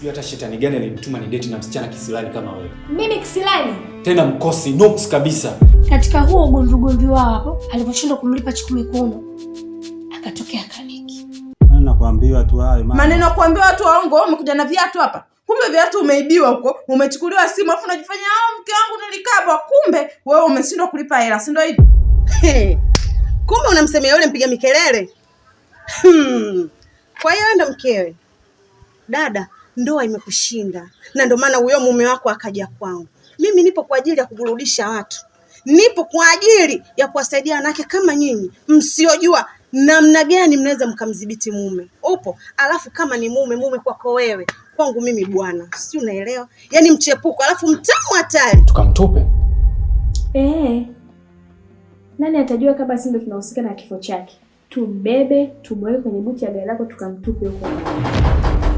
Sijui hata shetani gani alimtuma ni date na msichana kisilani kama wewe. Mimi kisilani? Tena mkosi nox kabisa. Katika huo ugomvi ugomvi wao hapo aliposhindwa kumlipa chikumi kuno akatokea kaniki. Maana kuambiwa watu hayo maneno ya kuambiwa watu waongo, umekuja na viatu hapa. Kumbe viatu umeibiwa huko, umechukuliwa simu afu unajifanya ah, mke wangu nilikabwa. Kumbe wewe umeshindwa kulipa hela, si ndio hivyo? Kumbe unamsemea yule mpiga mikelele. Hmm. Kwa hiyo ndo mkewe. Dada, ndoa imekushinda, na ndio maana huyo mume wako akaja kwangu. Mimi nipo kwa ajili ya kuburudisha watu, nipo kwa ajili ya kuwasaidia wanawake kama nyinyi msiojua namna gani mnaweza mkamdhibiti mume. Upo alafu kama ni mume mume kwako wewe, kwangu mimi bwana, si unaelewa? Yaani mchepuko, alafu mtamu hatari, tukamtupe eh. Nani atajua kama si ndio tunahusika na kifo chake? Tumbebe, tumweke kwenye buti ya gari lako, tukamtupe huko.